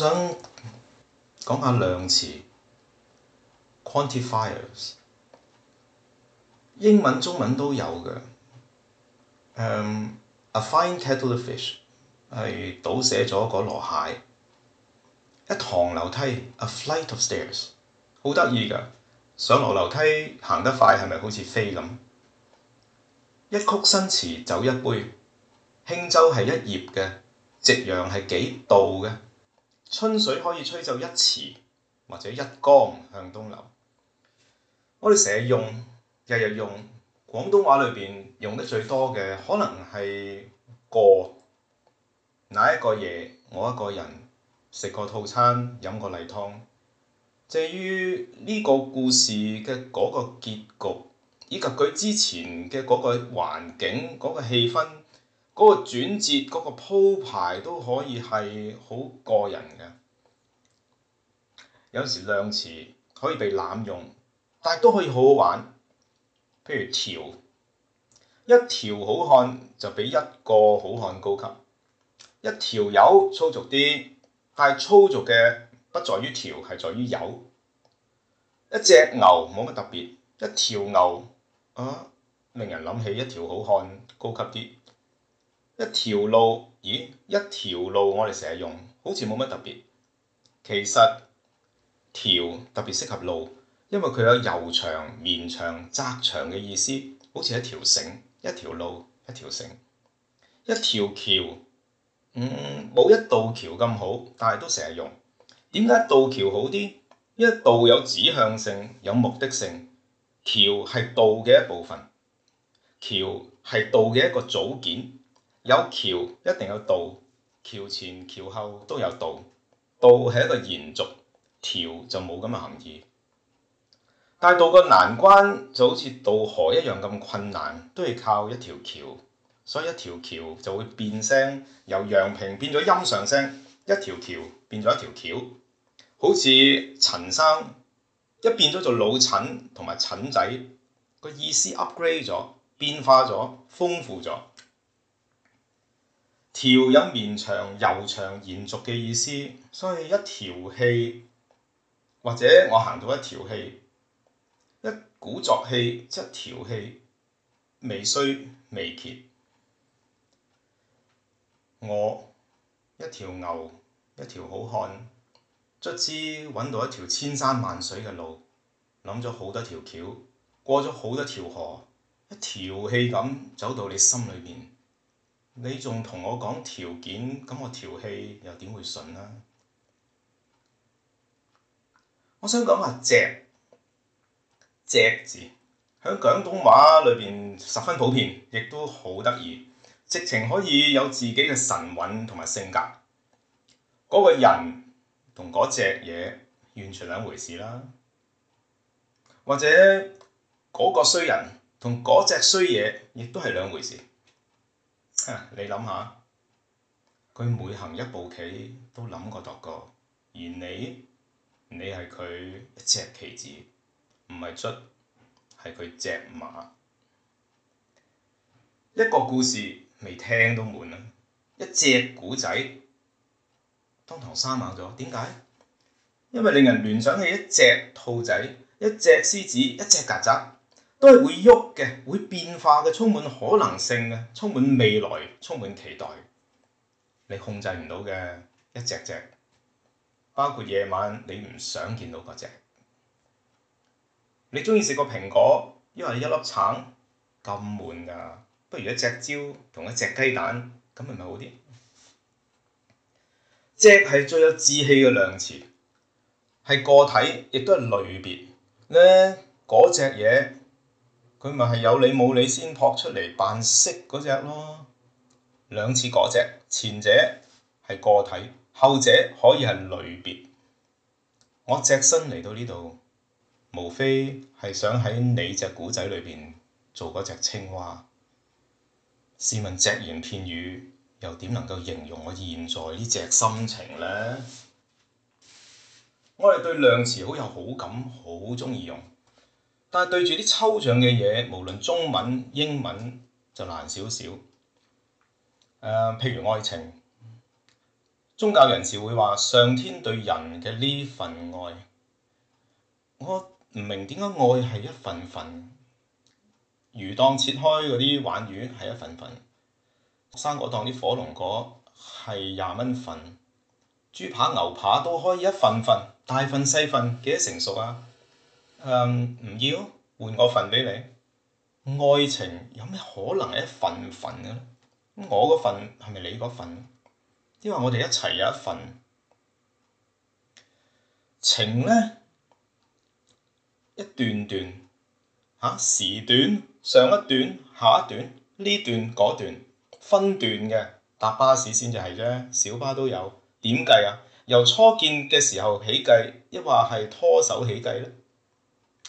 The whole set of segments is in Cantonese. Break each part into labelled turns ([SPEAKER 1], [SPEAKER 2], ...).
[SPEAKER 1] 我想講下量詞，quantifiers，英文中文都有嘅。Um, a fine kettle of fish 係倒瀉咗個籮蟹，一堂樓梯，a flight of stairs，好得意㗎。上落樓梯行得快係咪好似飛咁？一曲新詞酒一杯，輕舟係一葉嘅，夕陽係幾度嘅。春水可以吹走一池，或者一江向東流。我哋成日用，日日用。廣東話裏邊用得最多嘅，可能係過那一個夜，我一個人食個套餐，飲個例湯。至於呢個故事嘅嗰個結局，以及佢之前嘅嗰個環境、嗰、嗰個氣氛。嗰個轉折，嗰、那個鋪排都可以係好個人嘅。有陣時量詞可以被濫用，但係都可以好好玩。譬如條，一條好漢就比一個好漢高級。一條友粗俗啲，但係粗俗嘅不在於條，係在於友。一隻牛冇乜特別，一條牛啊，令人諗起一條好漢高級啲。一條路，咦？一條路，我哋成日用，好似冇乜特別。其實，條特別適合路，因為佢有悠長、綿長、窄長嘅意思，好似一條繩，一條路，一條繩。一條橋，嗯，冇一道橋咁好，但係都成日用。點解道橋好啲？因為道有指向性，有目的性。橋係道嘅一部分，橋係道嘅一個組件。有橋一定有道，橋前橋後都有道，道係一個延續，條就冇咁嘅含義。但係渡個難關就好似渡河一樣咁困難，都係靠一條橋。所以一條橋就會變聲，由陽平變咗陰上聲，一條橋變咗一條橋，好似陳生一變咗做老陳同埋陳仔，個意思 upgrade 咗，變化咗，豐富咗。條有綿長、又長、延續嘅意思，所以一條氣或者我行到一條氣，一鼓作氣，一條氣未衰未竭，我一條牛一條好漢，卒之揾到一條千山萬水嘅路，諗咗好多條橋，過咗好多條河，一條氣咁走到你心裏面。你仲同我講條件，咁我條氣又點會順啦？我想講個隻隻字，喺廣東話裏面十分普遍，亦都好得意，直情可以有自己嘅神韻同埋性格。嗰個人同嗰隻嘢完全兩回事啦。或者嗰個衰人同嗰隻衰嘢，亦都係兩回事。你諗下，佢每行一步棋都諗過度過，而你，你係佢一隻棋子，唔係卒，係佢一隻馬。一個故事未聽都悶啦，一隻古仔當堂生猛咗，點解？因為令人聯想起一隻兔仔、一隻獅子、一隻曱甴。都係會喐嘅，會變化嘅，充滿可能性嘅，充滿未來，充滿期待。你控制唔到嘅一隻隻，包括夜晚你唔想見到嗰隻。你鍾意食個蘋果，因為一粒橙咁悶㗎，不如一隻蕉同一隻雞蛋咁係咪好啲？隻係最有志氣嘅量詞，係個體，亦都係類別呢，嗰隻嘢。佢咪係有理冇理先撲出嚟扮識嗰隻咯，兩次嗰隻，前者係個體，後者可以係類別。我隻身嚟到呢度，無非係想喺你隻古仔裏邊做嗰隻青蛙。試問隻言片語又點能夠形容我現在呢隻心情咧？我哋對量詞好有好感，好鍾意用。但係對住啲抽象嘅嘢，無論中文英文就難少少。呃，譬如愛情，宗教人士會話上天對人嘅呢份愛，我唔明點解愛係一份份。魚檔切開嗰啲鯇魚係一份份，生果檔啲火龍果係廿蚊份，豬扒牛扒都可以一份份，大份細份，幾多成熟啊？唔、um，要換個份俾你。愛情有咩可能係一份份嘅咧？我嗰份係咪你嗰份？因為我哋一齊有一份情咧？一段段嚇、啊、時段上一段下一段呢段嗰段分段嘅搭巴士先至係啫，小巴都有點計啊？由初見嘅時候起計，抑或係拖手起計咧？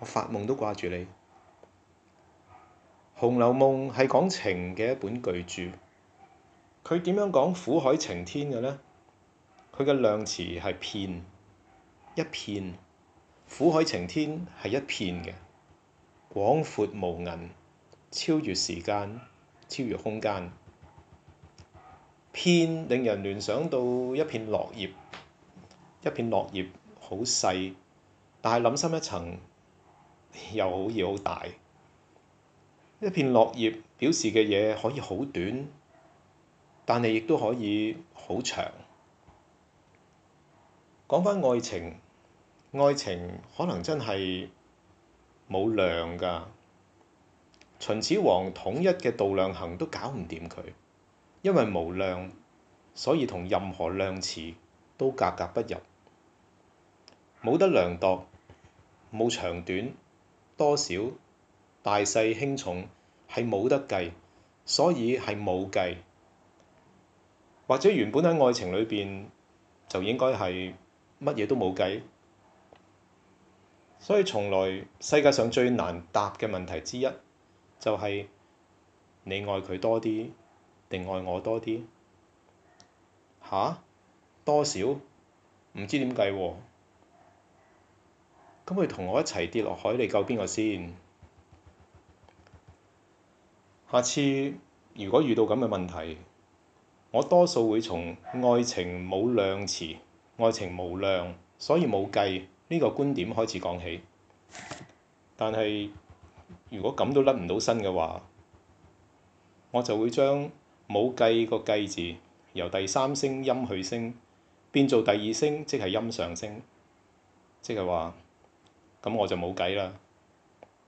[SPEAKER 1] 我發夢都掛住你，《紅樓夢》係講情嘅一本巨著。佢點樣講苦海情天嘅呢？佢嘅量詞係片，一片苦海情天係一片嘅，廣闊無垠，超越時間，超越空間。片令人聯想到一片落葉，一片落葉好細，但係諗深一層。又好似好大一片落葉，表示嘅嘢可以好短，但係亦都可以好長。講翻愛情，愛情可能真係冇量噶。秦始皇統一嘅度量衡都搞唔掂佢，因為無量，所以同任何量詞都格格不入，冇得量度，冇長短。多少大細輕重係冇得計，所以係冇計，或者原本喺愛情裏邊就應該係乜嘢都冇計，所以從來世界上最難答嘅問題之一就係、是、你愛佢多啲定愛我多啲？吓？多少？唔知點計喎、啊？咁佢同我一齊跌落海，你救邊個先？下次如果遇到咁嘅問題，我多數會從愛情冇量詞、愛情無量，所以冇計呢個觀點開始講起。但係如果咁都甩唔到身嘅話，我就會將冇計個計字由第三聲音去聲變做第二聲，即係音上聲，即係話。咁我就冇計啦。